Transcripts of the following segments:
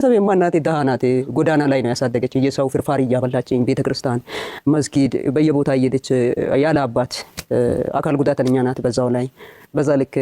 ቤተሰብ የማናቴ ድሃ ናት። ጎዳና ላይ ነው ያሳደገችኝ። የሰው ፍርፋሪ እያበላችኝ ቤተክርስቲያን፣ መስጊድ በየቦታ እየሄደች ያለ አባት አካል ጉዳተኛ ናት። በዛው ላይ በዛ ልክ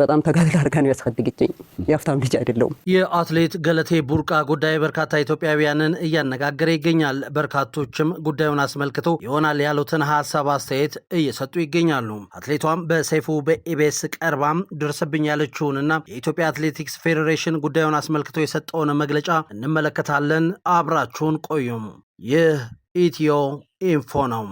በጣም ተጋድላ አድርጋ ነው ያስፈልግችኝ። የሀብታም ልጅ አይደለውም። የአትሌት ገለቴ ቡርቃ ጉዳይ በርካታ ኢትዮጵያውያንን እያነጋገረ ይገኛል። በርካቶችም ጉዳዩን አስመልክቶ ይሆናል ያሉትን ሀሳብ፣ አስተያየት እየሰጡ ይገኛሉ። አትሌቷም በሰይፉ በኢቤስ ቀርባም ደርስብኝ ያለችውንና የኢትዮጵያ አትሌቲክስ ፌዴሬሽን ጉዳዩን አስመልክቶ የሰጠውን መግለጫ እንመለከታለን። አብራችሁን ቆዩም። ይህ ኢትዮ ኢንፎ ነው።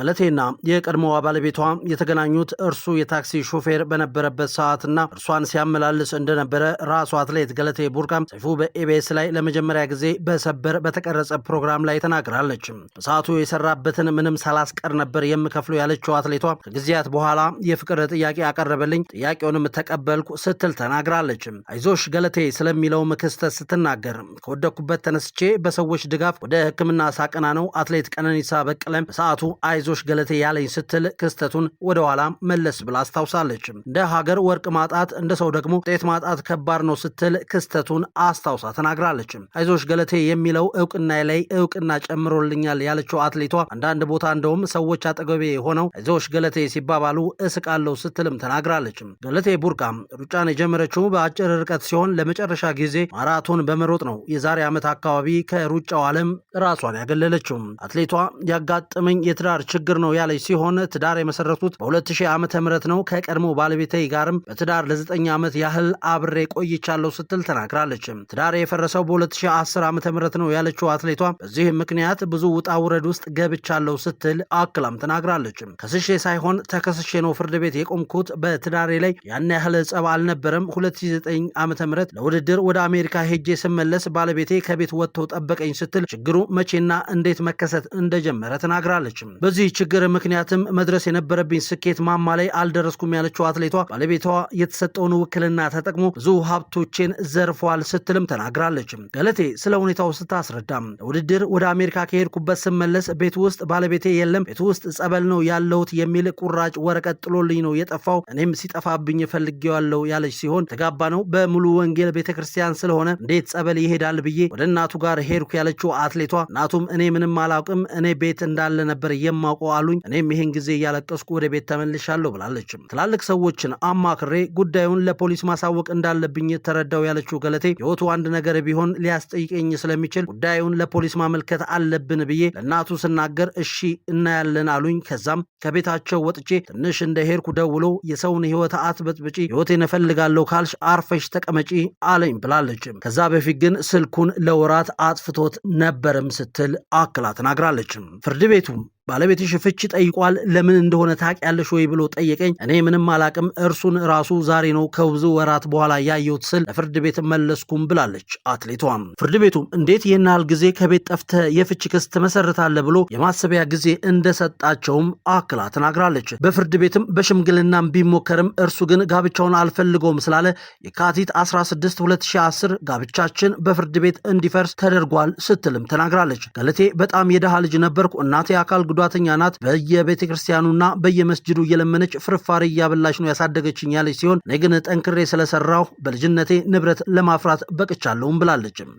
ገለቴና የቀድሞዋ ባለቤቷ የተገናኙት እርሱ የታክሲ ሾፌር በነበረበት ሰዓትና እርሷን ሲያመላልስ እንደነበረ ራሱ አትሌት ገለቴ ቡርቃም ሰይፉ በኤቢኤስ ላይ ለመጀመሪያ ጊዜ በሰበር በተቀረጸ ፕሮግራም ላይ ተናግራለች። በሰዓቱ የሰራበትን ምንም ሳላስቀር ነበር የምከፍለው ያለችው አትሌቷ ከጊዜያት በኋላ የፍቅር ጥያቄ አቀረበልኝ፣ ጥያቄውንም ተቀበልኩ ስትል ተናግራለች። አይዞሽ ገለቴ ስለሚለው ክስተት ስትናገር ከወደኩበት ተነስቼ በሰዎች ድጋፍ ወደ ሕክምና ሳቀና ነው አትሌት ቀነኒሳ በቀለም በሰዓቱ አይ አይዞሽ ገለቴ ያለኝ ስትል ክስተቱን ወደኋላ መለስ ብላ አስታውሳለች። እንደ ሀገር ወርቅ ማጣት እንደ ሰው ደግሞ ውጤት ማጣት ከባድ ነው ስትል ክስተቱን አስታውሳ ተናግራለች። አይዞሽ ገለቴ የሚለው እውቅና ላይ እውቅና ጨምሮልኛል ያለችው አትሌቷ አንዳንድ ቦታ እንደውም ሰዎች አጠገቤ ሆነው አይዞሽ ገለቴ ሲባባሉ እስቃለሁ ስትልም ተናግራለች። ገለቴ ቡርቃ ሩጫን የጀመረችው በአጭር ርቀት ሲሆን ለመጨረሻ ጊዜ ማራቶን በመሮጥ ነው የዛሬ ዓመት አካባቢ ከሩጫው ዓለም ራሷን ያገለለችው። አትሌቷ ያጋጠመኝ የትዳር ችግር ነው ያለች ሲሆን ትዳር የመሰረቱት በ2000 ዓመተ ምህረት ነው። ከቀድሞ ባለቤቴ ጋርም በትዳር ለ9 ዓመት ያህል አብሬ ቆይቻለሁ ስትል ተናግራለች። ትዳር የፈረሰው በ2010 ዓመተ ምህረት ነው ያለችው አትሌቷ በዚህ ምክንያት ብዙ ውጣ ውረድ ውስጥ ገብቻለሁ ስትል አክላም ተናግራለች። ከስሼ ሳይሆን ተከስሼ ነው ፍርድ ቤት የቆምኩት። በትዳሬ ላይ ያን ያህል ጸብ አልነበረም። 2009 ዓመተ ምህረት ለውድድር ወደ አሜሪካ ሄጄ ስመለስ ባለቤቴ ከቤት ወጥቶ ጠበቀኝ ስትል ችግሩ መቼና እንዴት መከሰት እንደጀመረ ተናግራለች። በዚህ በዚህ ችግር ምክንያትም መድረስ የነበረብኝ ስኬት ማማ ላይ አልደረስኩም ያለችው አትሌቷ ባለቤቷ የተሰጠውን ውክልና ተጠቅሞ ብዙ ሀብቶቼን ዘርፏል ስትልም ተናግራለች። ገለቴ ስለ ሁኔታው ስታስረዳም ለውድድር ወደ አሜሪካ ከሄድኩበት ስመለስ ቤት ውስጥ ባለቤቴ የለም፣ ቤት ውስጥ ጸበል ነው ያለሁት የሚል ቁራጭ ወረቀት ጥሎልኝ ነው የጠፋው። እኔም ሲጠፋብኝ ፈልጌዋለሁ ያለች ሲሆን ተጋባ ነው በሙሉ ወንጌል ቤተ ክርስቲያን ስለሆነ እንዴት ጸበል ይሄዳል ብዬ ወደ እናቱ ጋር ሄድኩ ያለችው አትሌቷ እናቱም እኔ ምንም አላውቅም እኔ ቤት እንዳለ ነበር የማ አናውቀው አሉኝ። እኔም ይህን ጊዜ እያለቀስኩ ወደ ቤት ተመልሻለሁ ብላለችም። ትላልቅ ሰዎችን አማክሬ ጉዳዩን ለፖሊስ ማሳወቅ እንዳለብኝ ተረዳው ያለችው ገለቴ ህይወቱ አንድ ነገር ቢሆን ሊያስጠይቀኝ ስለሚችል ጉዳዩን ለፖሊስ ማመልከት አለብን ብዬ ለእናቱ ስናገር እሺ እናያለን አሉኝ። ከዛም ከቤታቸው ወጥቼ ትንሽ እንደሄድኩ ደውሎ የሰውን ህይወት አትበጥብጪ፣ ሕይወቴን እፈልጋለሁ ካልሽ አርፈሽ ተቀመጪ አለኝ ብላለችም። ከዛ በፊት ግን ስልኩን ለወራት አጥፍቶት ነበርም ስትል አክላ ተናግራለችም። ፍርድ ቤቱም ባለቤትሽ ፍቺ ጠይቋል ለምን እንደሆነ ታውቂያለሽ ወይ ብሎ ጠየቀኝ። እኔ ምንም አላቅም እርሱን ራሱ ዛሬ ነው ከብዙ ወራት በኋላ ያየሁት ስል ፍርድ ቤት መለስኩም ብላለች አትሌቷም። ፍርድ ቤቱም እንዴት ይህን ያህል ጊዜ ከቤት ጠፍተ የፍቺ ክስ ትመሰርታለህ ብሎ የማሰቢያ ጊዜ እንደሰጣቸውም አክላ ተናግራለች። በፍርድ ቤትም በሽምግልናም ቢሞከርም እርሱ ግን ጋብቻውን አልፈልገውም ስላለ የካቲት 16 2010 ጋብቻችን በፍርድ ቤት እንዲፈርስ ተደርጓል ስትልም ተናግራለች። ገለቴ በጣም የደሃ ልጅ ነበርኩ እናቴ አካል ጉዳ ጉዳተኛ ናት፣ በየቤተ ክርስቲያኑና በየመስጅዱ እየለመነች ፍርፋሪ እያበላች ነው ያሳደገችኝ ያለች ሲሆን እኔ ግን ጠንክሬ ስለሰራሁ በልጅነቴ ንብረት ለማፍራት በቅቻለሁም ብላለችም።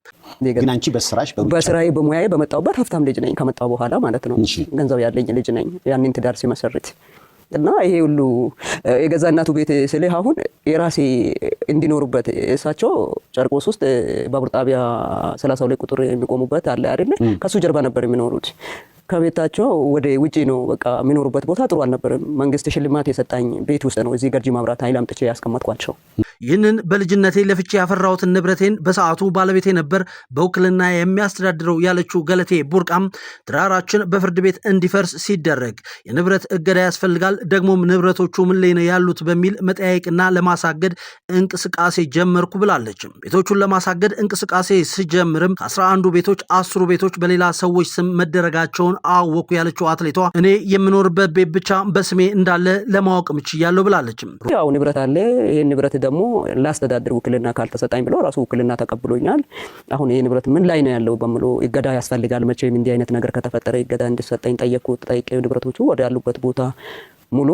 ግን አንቺ በስራሽ በስራዬ በሙያዬ በመጣሁበት ሀብታም ልጅ ነኝ። ከመጣሁ በኋላ ማለት ነው ገንዘብ ያለኝ ልጅ ነኝ። ያንን ትዳር ሲመሰርት እና ይሄ ሁሉ የገዛ እናቱ ቤት ስልህ አሁን የራሴ እንዲኖሩበት እሳቸው ጨርቆስ ውስጥ ባቡር ጣቢያ ሰላሳ ሁለት ቁጥር የሚቆሙበት አለ አይደለ? ከሱ ጀርባ ነበር የሚኖሩት ከቤታቸው ወደ ውጪ ነው በቃ የሚኖሩበት ቦታ ጥሩ አልነበረም። መንግስት ሽልማት የሰጣኝ ቤት ውስጥ ነው እዚህ ገርጂ ማብራት ኃይል አምጥቼ ያስቀመጥኳቸው። ይህንን በልጅነቴ ለፍቼ ያፈራሁትን ንብረቴን በሰዓቱ ባለቤቴ ነበር በውክልና የሚያስተዳድረው ያለችው ገለቴ ቡርቃም ትዳራችን በፍርድ ቤት እንዲፈርስ ሲደረግ የንብረት እገዳ ያስፈልጋል፣ ደግሞም ንብረቶቹ ምን ላይ ነው ያሉት በሚል መጠያየቅና ለማሳገድ እንቅስቃሴ ጀመርኩ ብላለች። ቤቶቹን ለማሳገድ እንቅስቃሴ ስጀምርም ከአስራ አንዱ ቤቶች አስሩ ቤቶች በሌላ ሰዎች ስም መደረጋቸውን አወኩ ያለችው አትሌቷ እኔ የምኖርበት ቤት ብቻ በስሜ እንዳለ ለማወቅ ምችያለሁ ብላለችም። ያው ንብረት አለ። ይህ ንብረት ደግሞ ላስተዳድር ውክልና ካልተሰጣኝ ብሎ ራሱ ውክልና ተቀብሎኛል። አሁን ይህ ንብረት ምን ላይ ነው ያለው በምሎ እገዳ ያስፈልጋል። መቼም እንዲህ አይነት ነገር ከተፈጠረ እገዳ እንዲሰጠኝ ጠየቅኩ። ጠይቄ ንብረቶቹ ወደ ያሉበት ቦታ ሙሉ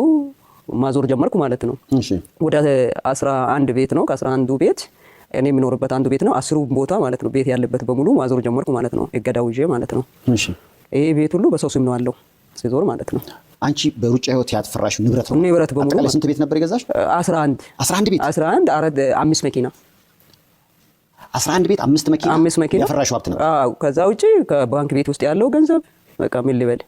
ማዞር ጀመርኩ ማለት ነው። ወደ አስራ አንድ ቤት ነው። ከአስራ አንዱ ቤት እኔ የምኖርበት አንዱ ቤት ነው። አስሩ ቦታ ማለት ነው ቤት ያለበት በሙሉ ማዞር ጀመርኩ ማለት ነው። እገዳው ይዤ ማለት ነው። ይሄ ቤት ሁሉ በሰው ስም ነው ያለው ሲዞር ማለት ነው። አንቺ በሩጫ ህይወት ያትፈራሽ ንብረት ነው። ንብረት በሙሉ ስንት ቤት ነበር የገዛሽ? 11 11 ቤት 11 አራት አምስት መኪና 11 ቤት አምስት መኪና አምስት መኪና ያፈራሽው ሀብት ነበር። ከዛ ውጪ ከባንክ ቤት ውስጥ ያለው ገንዘብ በቃ ምን ልበል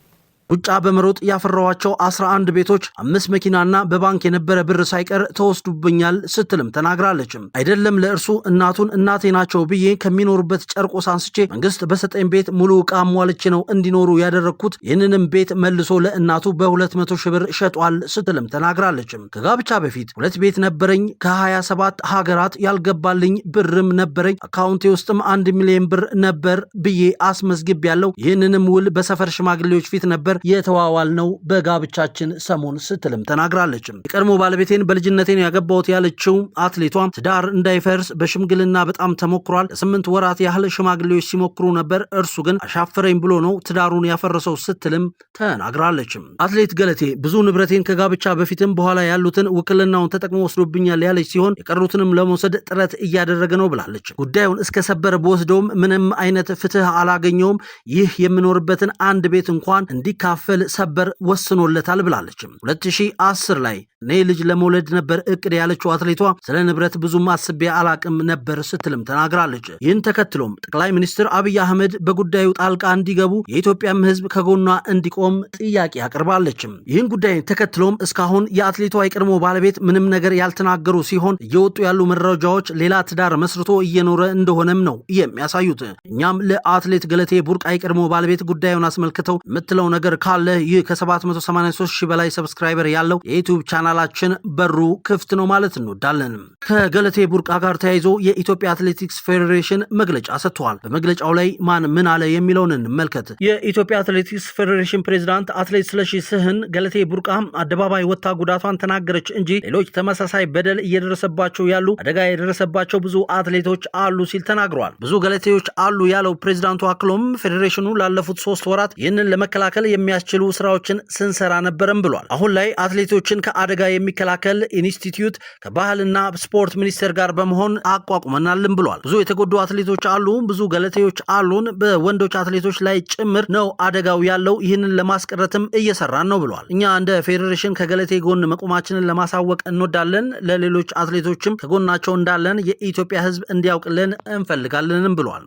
ሩጫ በመሮጥ ያፈራኋቸው 11 ቤቶች፣ አምስት መኪናና በባንክ የነበረ ብር ሳይቀር ተወስዱብኛል ስትልም ተናግራለችም። አይደለም ለእርሱ እናቱን እናቴ ናቸው ብዬ ከሚኖሩበት ጨርቆስ አንስቼ መንግስት በሰጠኝ ቤት ሙሉ ዕቃ ሟልቼ ነው እንዲኖሩ ያደረግኩት። ይህንንም ቤት መልሶ ለእናቱ በ200 ሺህ ብር ሸጧል ስትልም ተናግራለችም። ከጋብቻ በፊት ሁለት ቤት ነበረኝ። ከ27 ሀገራት ያልገባልኝ ብርም ነበረኝ። አካውንቴ ውስጥም አንድ ሚሊዮን ብር ነበር ብዬ አስመዝግብ ያለው ይህንንም ውል በሰፈር ሽማግሌዎች ፊት ነበር የተዋዋል ነው በጋብቻችን ሰሞን ስትልም ተናግራለች። የቀድሞ ባለቤቴን በልጅነቴን ያገባሁት ያለችው አትሌቷ ትዳር እንዳይፈርስ በሽምግልና በጣም ተሞክሯል። ለስምንት ወራት ያህል ሽማግሌዎች ሲሞክሩ ነበር። እርሱ ግን አሻፈረኝ ብሎ ነው ትዳሩን ያፈረሰው ስትልም ተናግራለች። አትሌት ገለቴ ብዙ ንብረቴን ከጋብቻ በፊትም በኋላ ያሉትን ውክልናውን ተጠቅሞ ወስዶብኛል ያለች ሲሆን የቀሩትንም ለመውሰድ ጥረት እያደረገ ነው ብላለች። ጉዳዩን እስከ ሰበር በወስደውም ምንም አይነት ፍትህ አላገኘውም። ይህ የምኖርበትን አንድ ቤት እንኳን እንዲካ እንዳይካፈል ሰበር ወስኖለታል ብላለች። 2010 ላይ እኔ ልጅ ለመውለድ ነበር እቅድ ያለችው አትሌቷ ስለ ንብረት ብዙም አስቤ አላቅም ነበር ስትልም ተናግራለች። ይህን ተከትሎም ጠቅላይ ሚኒስትር አብይ አህመድ በጉዳዩ ጣልቃ እንዲገቡ የኢትዮጵያም ሕዝብ ከጎኗ እንዲቆም ጥያቄ አቅርባለች። ይህን ጉዳይ ተከትሎም እስካሁን የአትሌቷ የቀድሞ ባለቤት ምንም ነገር ያልተናገሩ ሲሆን እየወጡ ያሉ መረጃዎች ሌላ ትዳር መስርቶ እየኖረ እንደሆነም ነው የሚያሳዩት። እኛም ለአትሌት ገለቴ ቡርቃ የቀድሞ ባለቤት ጉዳዩን አስመልክተው የምትለው ነገር ቁጥር ካለ ይህ ከ783 ሺህ በላይ ሰብስክራይበር ያለው የዩቲዩብ ቻናላችን በሩ ክፍት ነው ማለት እንወዳለን። ከገለቴ ቡርቃ ጋር ተያይዞ የኢትዮጵያ አትሌቲክስ ፌዴሬሽን መግለጫ ሰጥተዋል። በመግለጫው ላይ ማን ምን አለ የሚለውን እንመልከት። የኢትዮጵያ አትሌቲክስ ፌዴሬሽን ፕሬዚዳንት አትሌት ስለሺ ስህን ገለቴ ቡርቃ አደባባይ ወጥታ ጉዳቷን ተናገረች እንጂ ሌሎች ተመሳሳይ በደል እየደረሰባቸው ያሉ አደጋ የደረሰባቸው ብዙ አትሌቶች አሉ ሲል ተናግረዋል። ብዙ ገለቴዎች አሉ ያለው ፕሬዚዳንቱ አክሎም ፌዴሬሽኑ ላለፉት ሶስት ወራት ይህንን ለመከላከል የሚያስችሉ ስራዎችን ስንሰራ ነበረም ብሏል። አሁን ላይ አትሌቶችን ከአደጋ የሚከላከል ኢንስቲትዩት ከባህልና ስፖርት ሚኒስቴር ጋር በመሆን አቋቁመናልም ብሏል። ብዙ የተጎዱ አትሌቶች አሉ፣ ብዙ ገለቴዎች አሉን። በወንዶች አትሌቶች ላይ ጭምር ነው አደጋው ያለው። ይህንን ለማስቀረትም እየሰራን ነው ብሏል። እኛ እንደ ፌዴሬሽን ከገለቴ ጎን መቆማችንን ለማሳወቅ እንወዳለን። ለሌሎች አትሌቶችም ከጎናቸው እንዳለን የኢትዮጵያ ሕዝብ እንዲያውቅልን እንፈልጋለንም ብሏል።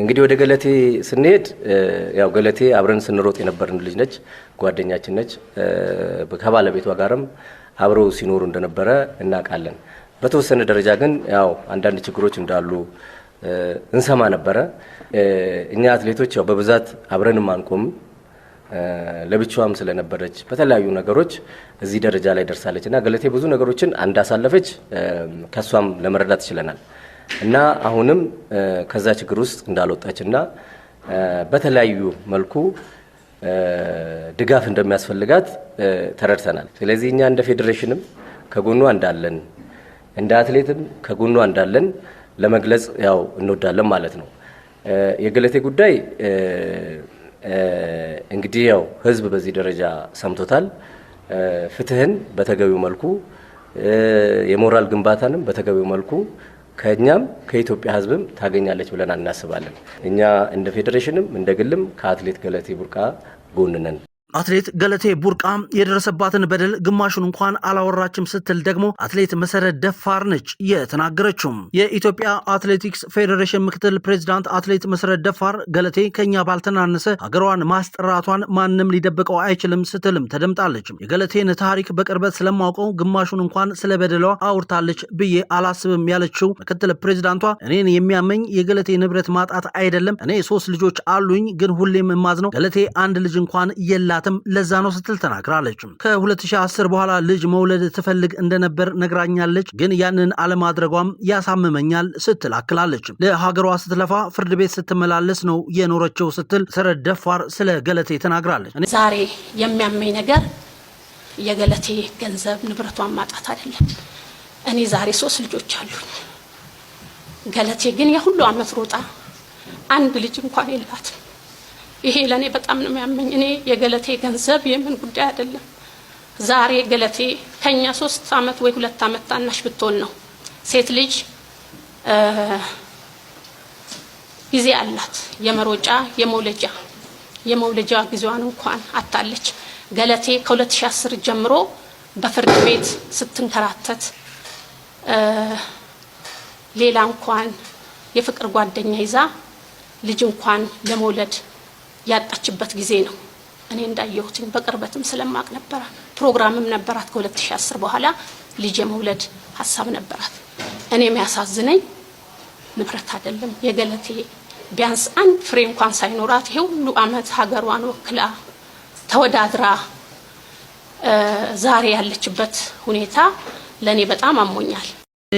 እንግዲህ ወደ ገለቴ ስንሄድ ያው ገለቴ አብረን ስንሮጥ የነበርን ልጅ ነች፣ ጓደኛችን ነች። ከባለቤቷ ጋርም አብረው ሲኖሩ እንደነበረ እናውቃለን። በተወሰነ ደረጃ ግን ያው አንዳንድ ችግሮች እንዳሉ እንሰማ ነበረ። እኛ አትሌቶች ያው በብዛት አብረንም አንቆም ለብቻዋም ስለነበረች በተለያዩ ነገሮች እዚህ ደረጃ ላይ ደርሳለች እና ገለቴ ብዙ ነገሮችን እንዳሳለፈች ከእሷም ለመረዳት ችለናል እና አሁንም ከዛ ችግር ውስጥ እንዳልወጣች እና በተለያዩ መልኩ ድጋፍ እንደሚያስፈልጋት ተረድተናል። ስለዚህ እኛ እንደ ፌዴሬሽንም ከጎኗ እንዳለን፣ እንደ አትሌትም ከጎኗ እንዳለን ለመግለጽ ያው እንወዳለን ማለት ነው። የገለቴ ጉዳይ እንግዲህ ያው ህዝብ በዚህ ደረጃ ሰምቶታል። ፍትህን በተገቢው መልኩ የሞራል ግንባታንም በተገቢው መልኩ ከእኛም ከኢትዮጵያ ህዝብም ታገኛለች ብለን እናስባለን። እኛ እንደ ፌዴሬሽንም እንደ ግልም ከአትሌት ገለቴ ቡርቃ ጎንነን። አትሌት ገለቴ ቡርቃ የደረሰባትን በደል ግማሹን እንኳን አላወራችም ስትል ደግሞ አትሌት መሰረት ደፋር ነች የተናገረችውም። የኢትዮጵያ አትሌቲክስ ፌዴሬሽን ምክትል ፕሬዚዳንት አትሌት መሰረት ደፋር ገለቴ ከኛ ባልተናነሰ ሀገሯን ማስጠራቷን ማንም ሊደብቀው አይችልም ስትልም ተደምጣለች። የገለቴን ታሪክ በቅርበት ስለማውቀው ግማሹን እንኳን ስለ በደሏ አውርታለች ብዬ አላስብም ያለችው ምክትል ፕሬዚዳንቷ እኔን የሚያመኝ የገለቴ ንብረት ማጣት አይደለም። እኔ ሶስት ልጆች አሉኝ፣ ግን ሁሌም የማዝነው ገለቴ አንድ ልጅ እንኳን የላ ያልቻላትም ለዛ ነው ስትል ተናግራለች። ከ2010 በኋላ ልጅ መውለድ ትፈልግ እንደነበር ነግራኛለች፣ ግን ያንን አለማድረጓም ያሳምመኛል ስትል አክላለች። ለሀገሯ ስትለፋ ፍርድ ቤት ስትመላለስ ነው የኖረችው ስትል ሰረት ደፋር ስለ ገለቴ ተናግራለች። ዛሬ የሚያመኝ ነገር የገለቴ ገንዘብ ንብረቷን ማጣት አይደለም። እኔ ዛሬ ሶስት ልጆች አሉኝ። ገለቴ ግን የሁሉ አመት ሮጣ አንድ ልጅ እንኳን የላትም። ይሄ ለእኔ በጣም ነው የሚያመኝ። እኔ የገለቴ ገንዘብ የምን ጉዳይ አይደለም። ዛሬ ገለቴ ከኛ ሶስት አመት ወይ ሁለት አመት ታናሽ ብትሆን ነው ሴት ልጅ ጊዜ አላት የመሮጫ የመውለጃ የመውለጃ ጊዜዋን እንኳን አታለች። ገለቴ ከ2010 ጀምሮ በፍርድ ቤት ስትንከራተት ሌላ እንኳን የፍቅር ጓደኛ ይዛ ልጅ እንኳን ለመውለድ ያጣችበት ጊዜ ነው። እኔ እንዳየሁትኝ በቅርበትም ስለማቅ ነበራ ፕሮግራምም ነበራት። ከ2010 በኋላ ልጅ የመውለድ ሀሳብ ነበራት። እኔ የሚያሳዝነኝ ንብረት አይደለም የገለቴ ቢያንስ አንድ ፍሬ እንኳን ሳይኖራት ይሄ ሁሉ አመት ሀገሯን ወክላ ተወዳድራ ዛሬ ያለችበት ሁኔታ ለእኔ በጣም አሞኛል።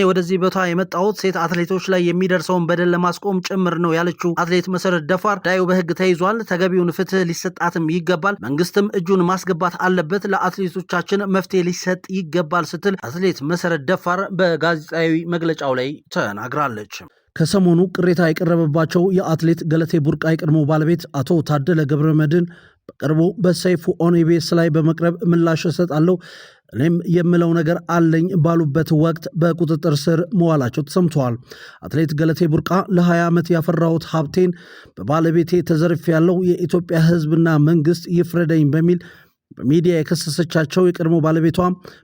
ወደዚህ ቦታ የመጣሁት ሴት አትሌቶች ላይ የሚደርሰውን በደል ለማስቆም ጭምር ነው ያለችው አትሌት መሰረት ደፋር ዳዩ በህግ ተይዟል፣ ተገቢውን ፍትህ ሊሰጣትም ይገባል፣ መንግስትም እጁን ማስገባት አለበት፣ ለአትሌቶቻችን መፍትሄ ሊሰጥ ይገባል ስትል አትሌት መሰረት ደፋር በጋዜጣዊ መግለጫው ላይ ተናግራለች። ከሰሞኑ ቅሬታ የቀረበባቸው የአትሌት ገለቴ ቡርቃ የቀድሞ ባለቤት አቶ ታደለ ገብረ መድን በቅርቡ በሰይፉ ኦን ኢቢኤስ ላይ በመቅረብ ምላሽ እሰጣለሁ እኔም የምለው ነገር አለኝ ባሉበት ወቅት በቁጥጥር ስር መዋላቸው ተሰምተዋል። አትሌት ገለቴ ቡርቃ ለ20 ዓመት ያፈራሁት ሀብቴን በባለቤቴ ተዘርፍ ያለው የኢትዮጵያ ሕዝብና መንግስት ይፍረደኝ በሚል በሚዲያ የከሰሰቻቸው የቀድሞ ባለቤቷ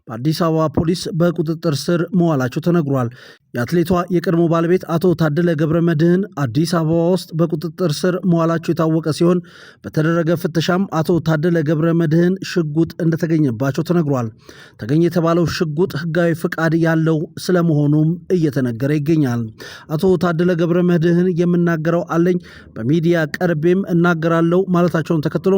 በአዲስ አበባ ፖሊስ በቁጥጥር ስር መዋላቸው ተነግሯል። የአትሌቷ የቀድሞ ባለቤት አቶ ታደለ ገብረ መድህን አዲስ አበባ ውስጥ በቁጥጥር ስር መዋላቸው የታወቀ ሲሆን በተደረገ ፍተሻም አቶ ታደለ ገብረ መድህን ሽጉጥ እንደተገኘባቸው ተነግሯል። ተገኘ የተባለው ሽጉጥ ሕጋዊ ፍቃድ ያለው ስለመሆኑም እየተነገረ ይገኛል። አቶ ታደለ ገብረ መድህን የምናገረው አለኝ በሚዲያ ቀርቤም እናገራለሁ ማለታቸውን ተከትሎ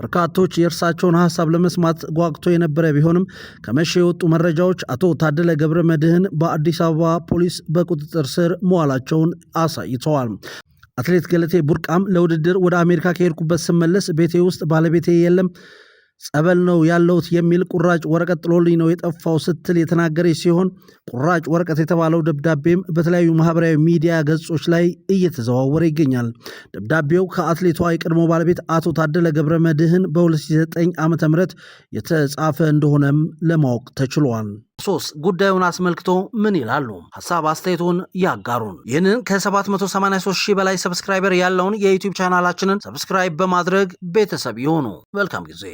በርካቶች የእርሳቸውን ሀሳብ ለመስማት ጓግቶ የነበረ ቢሆንም ከመሸ የወጡ መረጃዎች አቶ ታደለ ገብረ መድህን በአዲስ አበባ ፖሊስ በቁጥጥር ስር መዋላቸውን አሳይተዋል። አትሌት ገለቴ ቡርቃም ለውድድር ወደ አሜሪካ ከሄድኩበት ስመለስ ቤቴ ውስጥ ባለቤቴ የለም ጸበል ነው ያለውት የሚል ቁራጭ ወረቀት ጥሎልኝ ነው የጠፋው ስትል የተናገረች ሲሆን ቁራጭ ወረቀት የተባለው ደብዳቤም በተለያዩ ማህበራዊ ሚዲያ ገጾች ላይ እየተዘዋወረ ይገኛል። ደብዳቤው ከአትሌቷ የቀድሞ ባለቤት አቶ ታደለ ገብረ መድህን በ2009 ዓ ም የተጻፈ እንደሆነም ለማወቅ ተችሏል። ሶስት ጉዳዩን አስመልክቶ ምን ይላሉ? ሀሳብ አስተያየቱን ያጋሩን። ይህንን ከ783 ሺህ በላይ ሰብስክራይበር ያለውን የዩቲዩብ ቻናላችንን ሰብስክራይብ በማድረግ ቤተሰብ ይሆኑ። መልካም ጊዜ